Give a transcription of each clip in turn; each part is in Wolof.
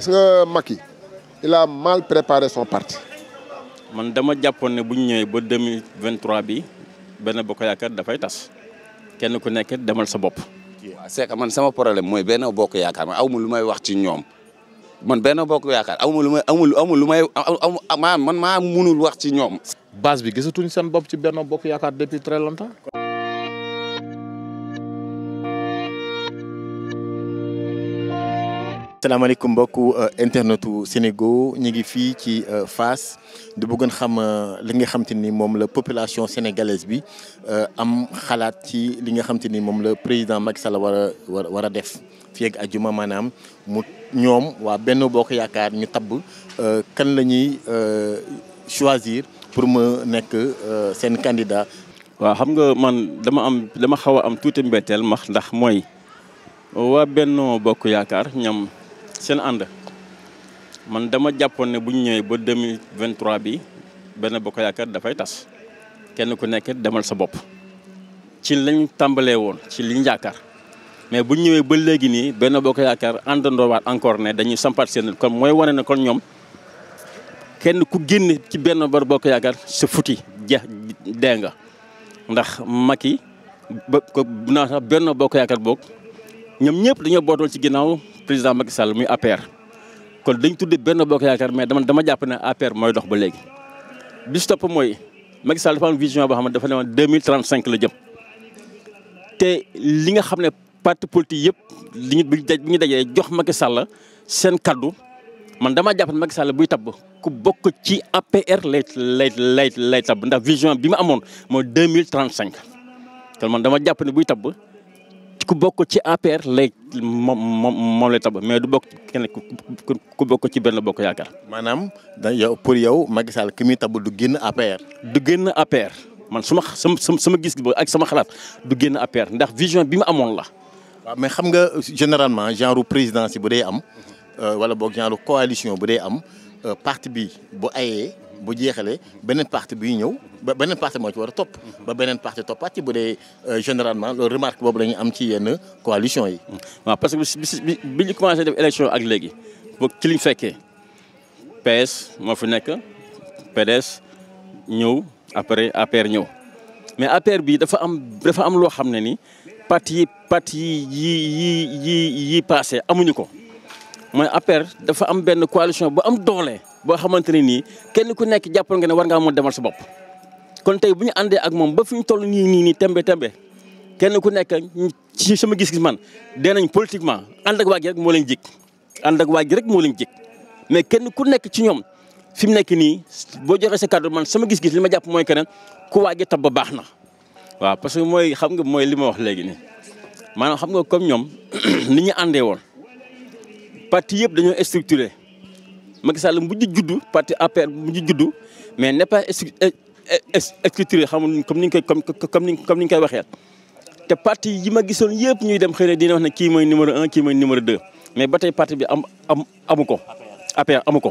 gis nga Macky il a mal préparé son parti. man dama jàppoon ne bu ñu ñëwee ba deux mille vingt bi benn bokk yaakaar dafay tas kenn ku nekk demal sa bopp. waaw c'est que man sama problème mooy benn bokk yaakaar man aw ma lu may wax ci ñoom man benn bokk yaakaar aw ma lu may amul amul lu may man maa munul wax ci ñoom. base bi gisatuñ seen bopp ci benn bokk yaakaar depuis très longtemps. salaamaaleykum mbokku euh, internetu Sénégal ñu ngi fii ci euh, Fass di bëggoon xam euh, li nga xam ni moom la population sénégalaise bi am xalaat ci li nga xam ni moom la président Macky Sall war a war a def fii ak ajuma maanaam mu ñoom waa benn bokk yaakaar ñu tabb kan la ñuy choisir pour mu nekk seen candidat. waaw xam nga man dama am dama xaw a am tuuti mbetteel max ndax mooy waa Benno Bokk Yaakaar ñam. seen ànd man dama jàppoon ne bu ñu ñëwee ba 2023 bi benn bokk yaakaar dafay tas kenn ku nekk demal sa bopp ci lañ tàmbalee woon ci liñ yaakaar mais bu ñëwee ba léegi nii benn bokk yaakaar waat encore ne dañuy sampaat seen kon mooy wane ne kon ñoom kenn ku génn ci benn bar bokk yaakaar sa futi ja dee nga ndax Macky ba ko naa sax benn bokk yaakaar boog ñoom ñëpp dañoo bootool ci ginnaaw président Macky Sall muy APR kon dañ tudde benn bokk yaakaar mais dama dama jàpp ne APR mooy dox ba léegi. bi si mooy Macky Sall dafa am vision boo xam ne dafa ne woon deux mille trente cinq la li nga xam ne parti politique yëpp li ñu bi ñu dajee jox Macky Sall seen kaddu. man dama jàpp ne Macky Sall buy tabb ku bokk ci APR lay lay lay lay tabb ndax vision bi mu amoon mooy deux mille trente cinq kon man dama jàpp ne buy tabb ku bokk ci APR lay moom moom moom lay tabb mais du bokk kenn ku bokk ci benn bokk yaakaar. maanaam da yow pour yow Macky Sall ki muy tabb du génn APR. du génn APR man suma sama sama gis ak sama xalaat du génn APR ndax vision bi mu amoon la. mais xam nga généralement genre présidence yi bu dee am mhm. euh, wala boog genre coalition bu dee am euh, parti bi bu ayee. bu jeexalee beneen parti bi ñëw ba beneen parti moo ci war a topp ba beneen parti toppaat ci bu dee euh, généralement loolu remarque boobu la am ci yenn coalition yi mmh. waaw parce que bi bi ñu commencé def élection ak léegi boog ci PS moo fi nekk PDS ñëw après APR ñëw mais APR bi dafa am dafa am loo xam ne ni parti yi parti yi yi yi yi passé amuñu ko mooy APR dafa am benn coalition bu am doole boo xamante ne nii kenn ku nekk jàppal nga ne war nga mën demal sa bopp. kon tey bu ñu àndee ak moom ba fu ñu toll nii nii nii tembe tembe kenn ku nekk ci sama gis-gis man dee nañ politiquement ànd ak waa moo leen jik ànd ak waa ji rek moo leen jik mais kenn ku nekk ci ñoom fi mu nekk nii boo joxee sa kaddu man sama gis-gis li ma jàpp mooy keneen ku waa tab ba baax na. waaw parce que mooy xam nga mooy li ma wax léegi nii maanaam xam nga comme ñoom ni ñu àndee woon. parti yëpp dañoo structuré Macky Sall mujj juddu parti APR mujj juddu mais n'est pas euh, euh, structuré xamul comme ni ñu koy comme ni comme ni ñu koy waxee te parti yi ma gisoon yëpp ñuy dem xëy na dina wax ne kii mooy numéro un kii mooy numéro deux mais ba tey parti bi am am amu ko. APR amu ko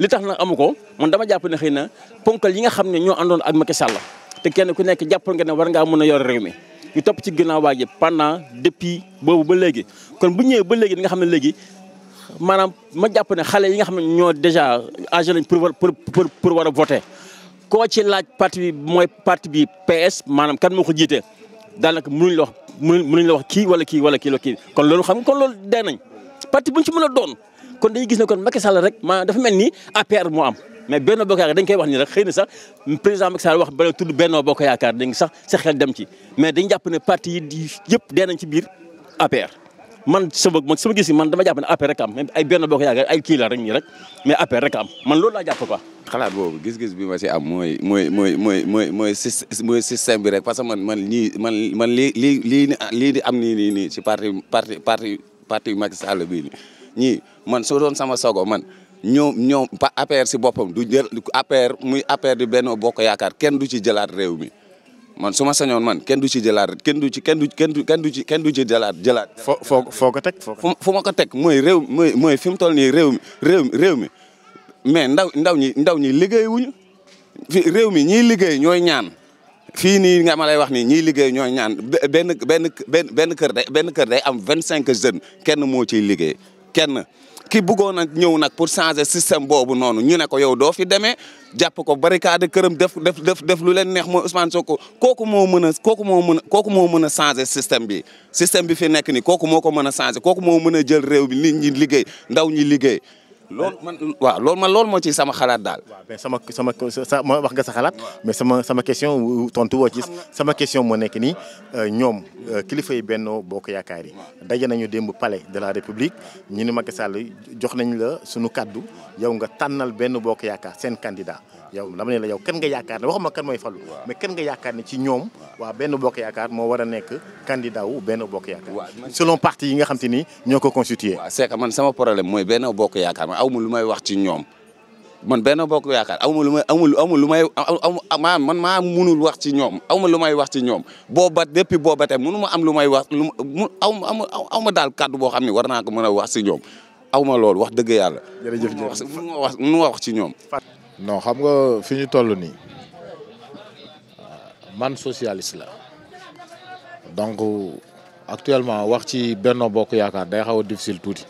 li tax na amu ko man dama jàpp ne xëy na ponkal yi nga xam ne ñoo àndoon ak Macky Sall te kenn ku nekk jàppal nga ne war ngaa mën a yor réew mi. ñu topp ci ginnaaw waa ji pendant depi boobu ba léegi kon bu ñëwee ba léegi di nga xam ne léegi maanaam ma jàpp ne xale yi nga xam ne ñoo déjà âgé lañ pour pour pour pour war a voter koo ci laaj parti bi mooy parti bi PS maanaam kan moo ko jiite daanaka mënuñ la wax mënuñ la wax kii wala kii wala kii la kii kon loolu xam nga kon loolu dee nañ parti buñ ci mën a doon kon dañuy gis ne kon Macky Sall rek ma dafa mel ni APR moo am mais Benno Bokk Yaakaar dañ koy wax nii rek xëy na sax président Macky Sall wax bala benn Benno Bokk Yaakaar dañ sax sa xel dem ci mais dañ jàpp ne parti yi yëpp dee nañ ci biir APR man sama sama gis man dama jàpp ne APR rek am même ay benn boo ko yàgg ay kii la rek nii rek mais APR rek am man loolu laa jàpp quoi. xalaat boobu gis-gis bi ma si am mooy mooy mooy mooy mooy mooy mooy système bi rek parce que man man ñii man man lii lii lii lii di am nii nii nii si parti parti parti parti Macky Sall bii nii ñii man soo doon sama sogo man. ñoom ñoom pa APR si boppam du jël APR muy APR di Benno Bokk Yaakaar kenn du ci jëlaat réew mi man su ma sañoon man kenn du jalaat jëlaat kenn du ci kenn du kenn du kenn du ci kenn du ci jëlaat jëlaat. foo foo ko teg fu ma ko teg mooy réew mooy mooy fi mu toll nii réew mi réew mi mais ndaw ndaw ñi ndaw ñi liggéey wuñu fi réew mi ñiy liggéey ñooy ñaan fii nii nga ma lay wax nii ñiy liggéey ñoo ñaan benn benn benn benn kër day benn kër day am vingt cinq jeunes kenn moo ciy liggéey kenn. ki bëggoon nag ñëw nag pour changer système boobu noonu ñu ne ko yow doo fi demee jàpp ko barricade këram def def def def lu leen neex mooy Ousmane Sonko kooku moo mën a kooku moo mën a kooku moo mën a changer système bi système bi fi nekk ni kooku moo ko mën a changer kooku moo mën a jël réew bi nit ñi liggéey ndaw ñi liggéey loolu man waaw loolu ma loolu moo ci sama xalaat daal. waaw mais sama sama sa ma wax nga sa xalaat. mais sama sama question tontu woo ci sama question moo nekk nii euh, ñoom euh, kilifa yi Benno Bokk Yaakaar yi. daje nañu démb pale de la République ñu ni Macky Sall jox nañ la suñu kàddu yow nga tànnal benn Bokk Yaakaar seen candidat. yow dama ne la yow ken nga yaakaar ne waxuma kan mooy falu mais kan nga yaakaar ne ci ñoom waa benn bokk yaakaar moo war a nekk candidat wu benn bokk yaakaar selon parti yi nga xam te ni ñoo ko constitué waaw c'est que man sama problème mooy benn bokk yaakaar man awma lu may wax ci ñoom man benn bokk yaakaar awma lu may amul amul lu may maa man maa munul wax ci ñoom awma lu may wax ci ñoom booba depuis booba tey mënu ma am lu may wax lu mu aw ma daal kàddu boo xam ne war naa ko mën a wax si ñoom awma loolu wax dëgg yàlla jërëjëf wax mënu ma wax ci ñoom non xam nga fi ñu toll nii euh, man socialiste la donc actuellement wax ci Benno Bokk Yaakaar day xaw a difficile tuuti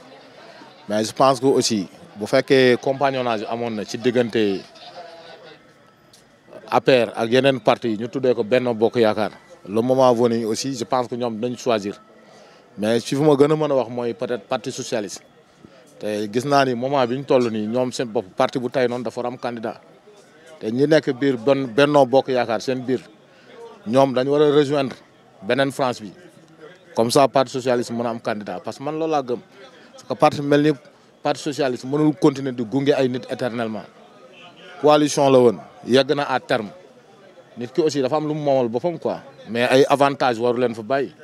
mais je pense que aussi bu fekkee compagnonnage amoon na ci diggante APR ak yeneen parti yi ñu tuddee ko Benno Bokk Yaakaar le moment venu aussi je pense que ñoom dañ choisir mais si fu ma gën a mën a wax mooy peut-être parti socialiste. te gis naa ni moment bi ñu toll nii ñoom seen bopp parti bu tey noon dafa war am candidat te ñi nekk biir benn bennoo bokk yaakaar seen biir ñoom dañu war a rejoindre beneen France bi comme sa parti socialiste mën a am candidat parce que man loolu laa gëm parce que parti mel ni parti socialiste mënul continuer di gunge ay nit éternellement coalition la woon yegg na à terme nit ki aussi dafa am lu mu moomal boppam quoi mais ay avantage waru leen fa bàyyi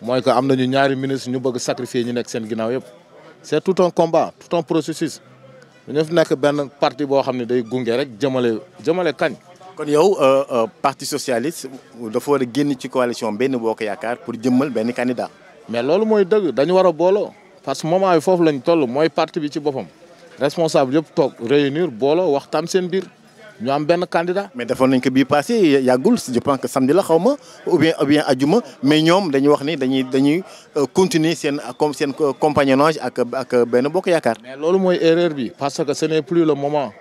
mooy que am nañu ñaari ministre ñu bë sacrifier ñu nekk seen ginnaaw yëpp c'est tout un combat tout un processus dañoo fi nekk benn parti boo xam ne day gunge rek jëmale jëmale kañ. kon yow euh, euh, parti socialiste dafa war a génn ci coalition benn boo ko yaakaar pour jëmal benn candidat. mais loolu mooy dëgg dañu war a booloo parce que moment bi foofu lañ toll mooy parti bi ci boppam responsable yëpp toog réunir booloo waxtaan seen biir. ñu am benn candidat. mais defoon nañ ko bii passé yàggul je pense que samedi la xaw ma ou bien ou bien ajuma mais ñoom dañu wax ni dañuy dañuy euh, continuer seen comme seen compagnonnage ak ak benn bokk yaakaar. mais loolu mooy erreur bi parce que ce n'est plus le moment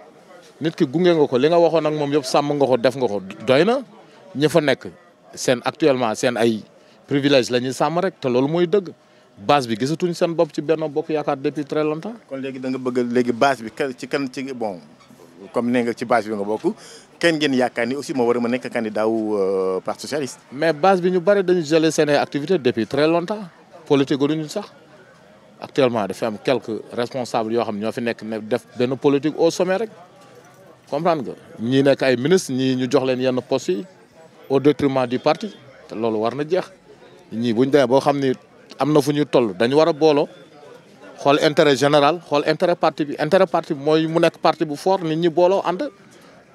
nit ki gunge nga ko li nga waxoon nag moom yëpp sàmm nga ko def nga ko doy na ñi fa nekk seen actuellement seen ay privilège la ñuy sàmm rek te loolu mooy dëgg. base bi gisatuñ seen bopp ci benn bokk yaakaar depuis très longtemps. kon léegi da nga bëgg léegi base bi ci kan ci bon comme nee nga ci base bi nga bokk kenn ngeen yaakaar ni aussi moo war a ma nekk candidat wu euh, socialiste. mais base bi ñu bari dañu jëlee seen activité depuis très longtemps politique gu ñu sax actuellement am quelques responsables yoo xam ñoo fi nekk ne def benn politique au sommet rek comprendre nga ñii nekk ay ministre ñii ñu jox leen yenn postes yi au détriment du parti te loolu war na jeex ñii buñ ñu boo xam ni am na fu ñu toll dañu war boolo xool intérêt général xool intérêt parti bi intérêt parti bi mooy mu nekk parti bu foor nit ñi booloo ànd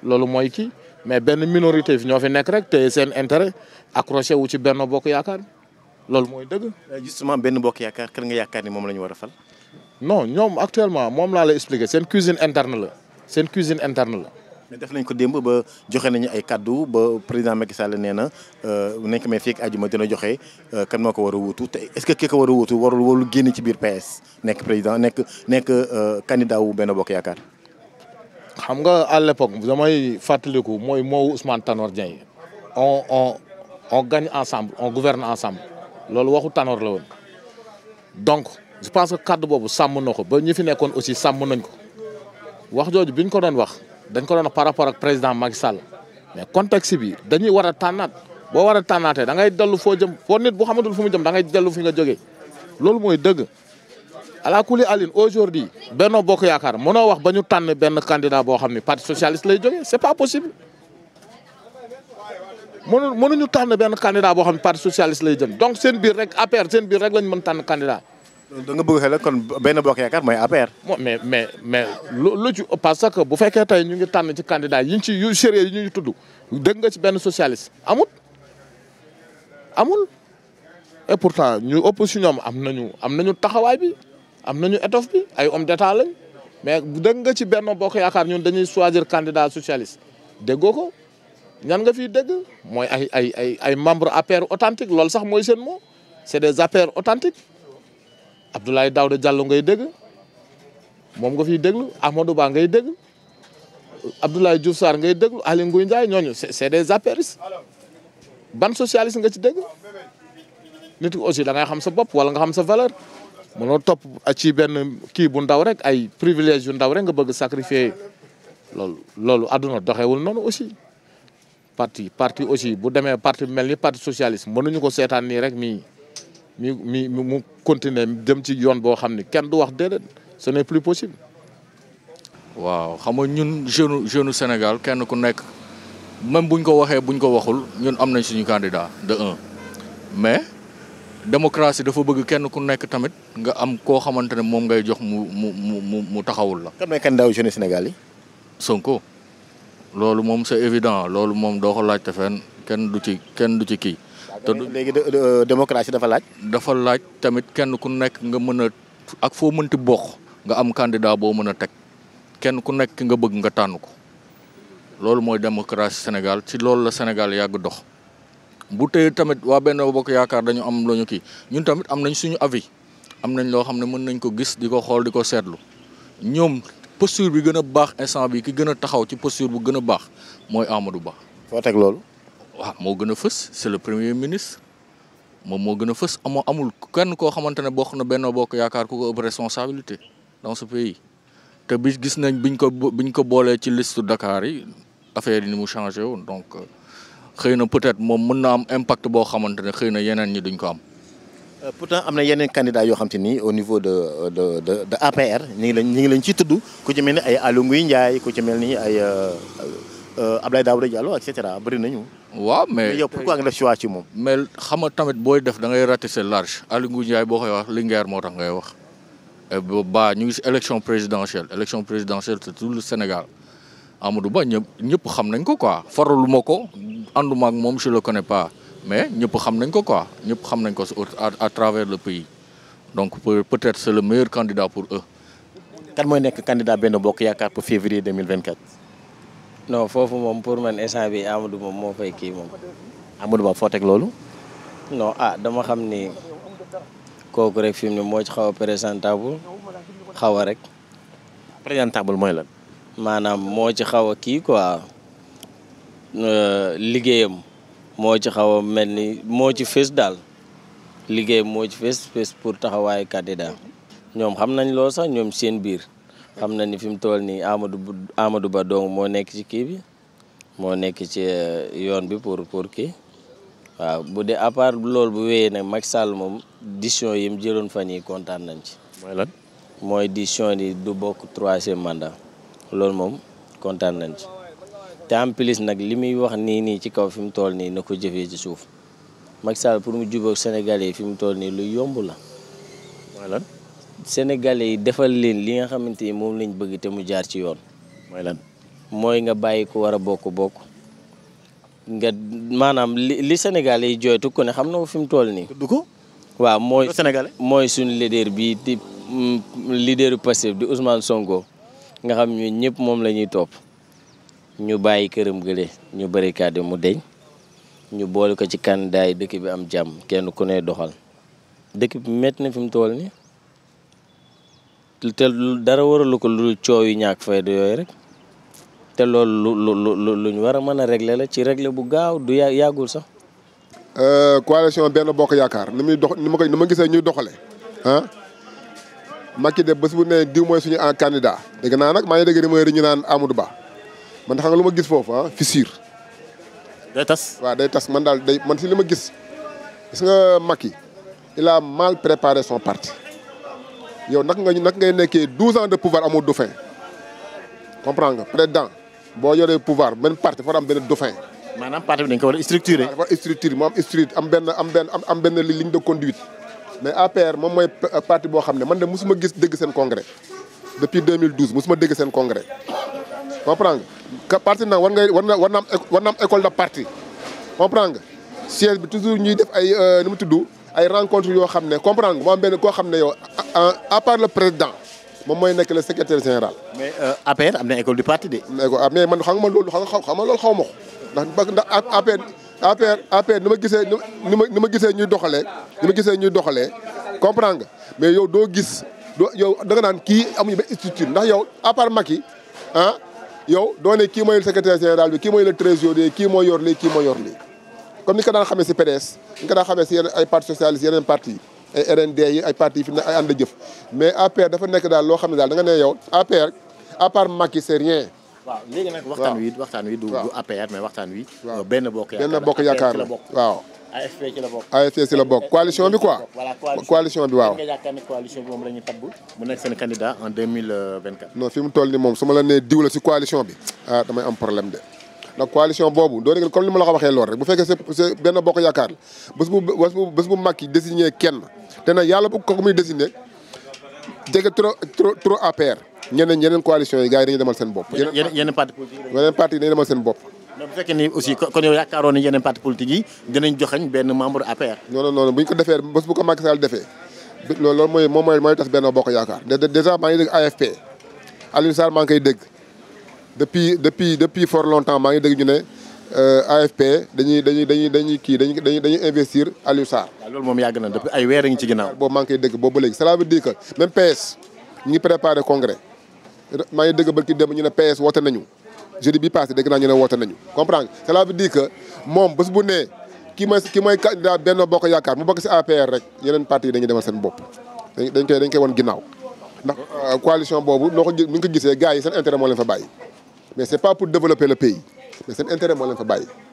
loolu mooy kii mais benn minorité fi ñoo fi nekk rek te seen intérêt accroché wu ci benn bokk yaakaar loolu mooy dëgg. Euh, justement benn bokk yaakaar kan nga yaakaar ni moom la ñu war a fal. non ñoom actuellement moom laa lay expliqué seen cuisine intern la seen cuisine intern la. mais def nañ ko démb ba joxe nañu ay kaddu ba président Macky Sall nee na euh, nañ ko may fii ak àjjuma dina joxe euh, kan moo ko war a wuutu te est-ce que ko war a wuutu warul warul génn ci biir PS nekk président nekk nekk euh, candidat wu benn bokk yaakaar. xam nga à l'époque damay fàttaliku mooy moo Ousmane Tanor Dieng on on on gagne ensemble on gouverne ensemble loolu waxu Tanor la woon donc je pense que kaddu boobu sàmm na ko ba ñu fi nekkoon aussi sàmm nañ ko wax jooju biñ ko doon wax. dañ ko doon wax par rapport ak président Macky Sall mais contexte bi dañuy war a tànnaat boo war a tànnaatee da ngay dellu foo jëm foo nit bu xamatul fu mu jëm da ngay dellu fi nga jóge loolu mooy dëgg ala kuli aline aujourd'hui Benno Bokk Yaakaar mënoo wax ba ñu tànn benn candidat boo xam ne parti socialiste lay jógee c'est pas possible mënu mënuñu tànn ben candidat boo xam ne parti socialiste lay jëm donc seen biir rek APR seen biir rek lañ mën tànn candidat da nga bëgg xel kon benn bokk yaakaar mooy APR. mais mais mais lu lu ci parce que bu fekkee tey ñu ngi tànn ci candidat yi ñu ci yu sérieux yi ñu tudd dégg nga ci benn socialiste amul amul. et pourtant ñu ëpp si ñoom am nañu am nañu taxawaay bi am nañu étoffe bi ay homme d'état lañ mais dégg nga ci benn bokk yaakaar ñun dañuy choisir candidat socialiste déggoo ko ñan nga fi dëgg mooy ay ay ay ay membre APR authentique loolu sax mooy seen mot c'est des APR authentiques Abdoulaye da Diallo ngay dégg moom nga fi déglu Amadou Ba ngay dégg Abdoulaye Diouf Sarr ngay déglu Aly Ngouille Ndiaye ñooñu c'est des apéristes ban socialiste nga ci dégg nit aussi da ngay xam sa bopp wala nga xam sa valeur mënoo topp ci benn kii bu ndaw rek ay privilège yu ndaw rek nga bëgg sacrifier loolu loolu àdduna doxewul noonu aussi parti parti aussi bu demee parti bi mel ni parti socialiste mënuñu ko seetaan nii rek nii mi mi mu continuer dem ci yoon boo xam ni kenn du wax déedéet ce n'est plus possible. waaw xam nga ñun jeune jeune Sénégal kenn ku nekk même buñ ko waxee buñ ko waxul ñun am nañ suñu candidat de un mais démocratie dafa bëgg kenn ku nekk tamit nga am koo xamante ne moom ngay jox mu mu mu mu taxawul la. kan mooy Sénégal yi. Sonko. loolu moom c'est évident loolu moom doo ko laajte fenn kenn du ci kenn du ci kii. te léegi euh, démocratie dafa laaj. dafa laaj tamit kenn ku nekk nga mën a ak foo mënti bokk nga am candidat boo mën a teg kenn ku nekk nga bëgg nga tànn ko loolu mooy démocratie Sénégal ci loolu la Sénégal yàgg dox. bu tey tamit waa benn bokk yaakaar dañu am lu ñu kii ñun tamit am nañ suñu avis am nañ loo xam ne mën nañ ko gis di ko xool di ko seetlu ñoom posture bi gën a baax instant bi ki gën a taxaw ci posture bu gën a baax mooy Amadou baax foo teg loolu. waaw moo gën a fës c'est le premier ministre moom moo gën a fës amoo amul kenn koo xamante ne bokk na Benno Bokk Yaakaar ku ko ëpp responsabilité dans ce pays te bi gis nañ biñ ko biñ ko boolee ci liste Dakar yi affaire yi ni mu changé woon donc euh, xëy na peut-être moom mën na am impact boo xamante ne xëy na yeneen ñi duñ ko am. Euh, pourtant am na yeneen candidat yoo xam te ni au niveau de de de APR ñu ngi leen ñu ngi leen ciy tudd ku ci mel ni ay Aly Ngouille Ndiaye ku ci mel ni ay. Euh, Euh, Abdoulaye Daouda Diallo et cetera bëri nañu. waaw mais yow pourquoi nga def choix xam nga tamit booy def dangay ngay ratisser large Aliou Ndiaye boo koy wax li Linguère moo tax ngay wax. ba ñu ngi si élection présidentielle élection présidentielle c'est tout le Sénégal Amadou Ba ñëpp ñëpp xam nañ ko quoi faralu ma ko ànduma ak moom je le connais pas mais ñëpp xam nañ ko quoi ñëpp xam nañ ko à travers le pays donc peut-être c'est le meilleur candidat pour eux. kan mooy nekk candidat benn bokk yaakaar pour février 2024. non foofu moom pour man instant bi Amadou moom moo fay kii moom. Amadou Ba foo teg loolu. non ah dama xam ni kooku rek fi mu ne moo ci xaw a présentable xaw a rek. présentable mooy maanaam moo ci xaw a kii quoi euh, liggéeyam moo ci xaw a mel ni moo ci fës daal liggéeyam moo ci fës fës pour taxawaayu candidat ñoom xam nañ loo sax ñoom seen biir. xam na ni fi mu toll nii Amadou Amadou Ba dong moo nekk ci kii bi moo nekk ci eh, yoon bi pour pour ki waaw bu dee à lool bu wéyee nag mag Sall moom décision yi mu jëloon fan yii kontaan nañ ci. mooy lan mooy décision yi du bokk troisième mandat loolu moom kontaan nañ ci te en plus nag li muy wax nii nii ci kaw fi mu toll nii na ko jëfee ci suuf mag Sall pour mu jubóog Sénégalais yi fi mu toll nii lu yomb la. mooy sénégalais yi defal leen li nga xamante ni moom lañ bëgg te mu jaar ci yoon. mooy mooy nga bàyyi ko war a bokk bokk nga maanaam li li yi jooytu ko ne xam na fi mu toll nii. du waaw mooy mooy suñu leader bi di mm, leader Pastef di Ousmane Sonko nga xam ñu ñëpp moom lañuy ñuy topp ñu bàyyi këram gële ñu bëri kàddu mu deñ ñu boole ko ci candidat dëkk bi am jàmm kenn ku ne doxal dëkk bi métti na fi mu toll nii. te dara waralu ko lu coow yu ñàkk fayda yooyu rek te loolu lu lu lu lu ñu war a mën a régler la ci régler bu gaaw du yàggul sax. Euh, coalition benn bokk yaakaar ni muy dox ni ma koy ni ma gisee ñuy doxale ah de bés bu ne diw mooy suñu en candidat naa nag maa ngi dégg rumeur yi naan Amadou Ba man xam nga lu ma gis foofu ah fissure. day tas man daal day man si li ma gis gis nga Macky il a mal préparé son parti. yow nag nga nag ngay nekkee douze ans de pouvoir amul dauphin comprends nga président boo yoree pouvoir benn parti dafa am benn dauphin. maanaam parti bi dañ ko war a structuré. dafa structuré mu am structure am benn am benn am benn ligne de conduite mais APR moom mooy euh, parti boo xam ne man de mosuma gis dégg seen congrès depuis 2012 mosuma dégg seen congrès comprends nga. parti nag war ngay war na war na am na am école de parti comprends nga siège bi toujours ñuy def ay euh, nu mu tudd ay rencontre yoo xam ne comprendre nga am benn koo xam ne yow Euh, à part président moom mooy nekk le secrétaire général. mais euh, APR am na école du parti de. am na man xam nga man loolu xam nga loolu xaw ma ko ndax APR APR APR ni ma gisee ni ma ni ma gisee ñuy doxalee ni ma gisee ñuy doxalee comprendre mais yow doo gis doo yow da naan kii amuñu ba structure ndax yow à part ah yow doo ne kii mooy le secrétaire général bi kii mooy le trésorier kii moo yor lii kii moo yor lii comme ni ko daan xamee si PDS ni ko daan xamee si yeneen ay parti socialiste yeneen parti yi. ay RND yi ay parti fi ay ànd jëf mais APR dafa nekk daal loo xam ne daal danga nga ne yow APR à part waaw wi du du waxtaan wi. waaw euh, benn bokk yaakaar benn bokk la waaw. AFP ci la la bokk coalition bi quoi. waaw. nga la ñu tabb. mu nekk seen candidat en 2024. non fi moom su ma la nee diw la si coalition bi ah damay boobu doo dégg ko waxee rek bu fekkee c'est benn bokk yaakaar la bés bu bés bu désigné kenn. te nag yàlla bu ko muy désigné jege trop trop trop APR. ñeneen yeneen coalition yi gars yi dañuy demal seen bopp. yeneen yeneen parti politique yi yeneen parti yi dañuy demal seen bopp. mais fekkee ni aussi kon yaakaaroon yi dinañ joxañ ñu ko mooy moom mooy mooy tas benn bokk yaakaar déjà maa ngi dégg AFP Alioune Sarr maa ngi koy dégg depuis depuis for fort longtemps maa ngi dégg ñu ne. Euh, AFP dañuy dañuy dañuy dañuy kii dañuy dañuy dañuy investir Aliou Sarr. waaw moom yàgg na depuis ay weer a ngi ci ginnaaw. boobu maa ngi koy dégg boobu ba léegi cela veut dire que même PS ñu ngi préparé congrès maa ngi dégg ba dem ñu ne PS woote nañu jeudi bi passé dégg naa ñu ne woote nañu comprendre nga cela veut dire que moom bés Bokk Yaakaar mu bokk si APR rek yeneen parti yi dañuy demal seen bopp dañ koy dañ koy wan ginnaaw ndax euh, coalition boobu noo ko mi gisee gars yi seen intérêt moo leen fa bàyyi mais c'est pas pour développer le pays mais seen intérêt moo leen fa bàyyi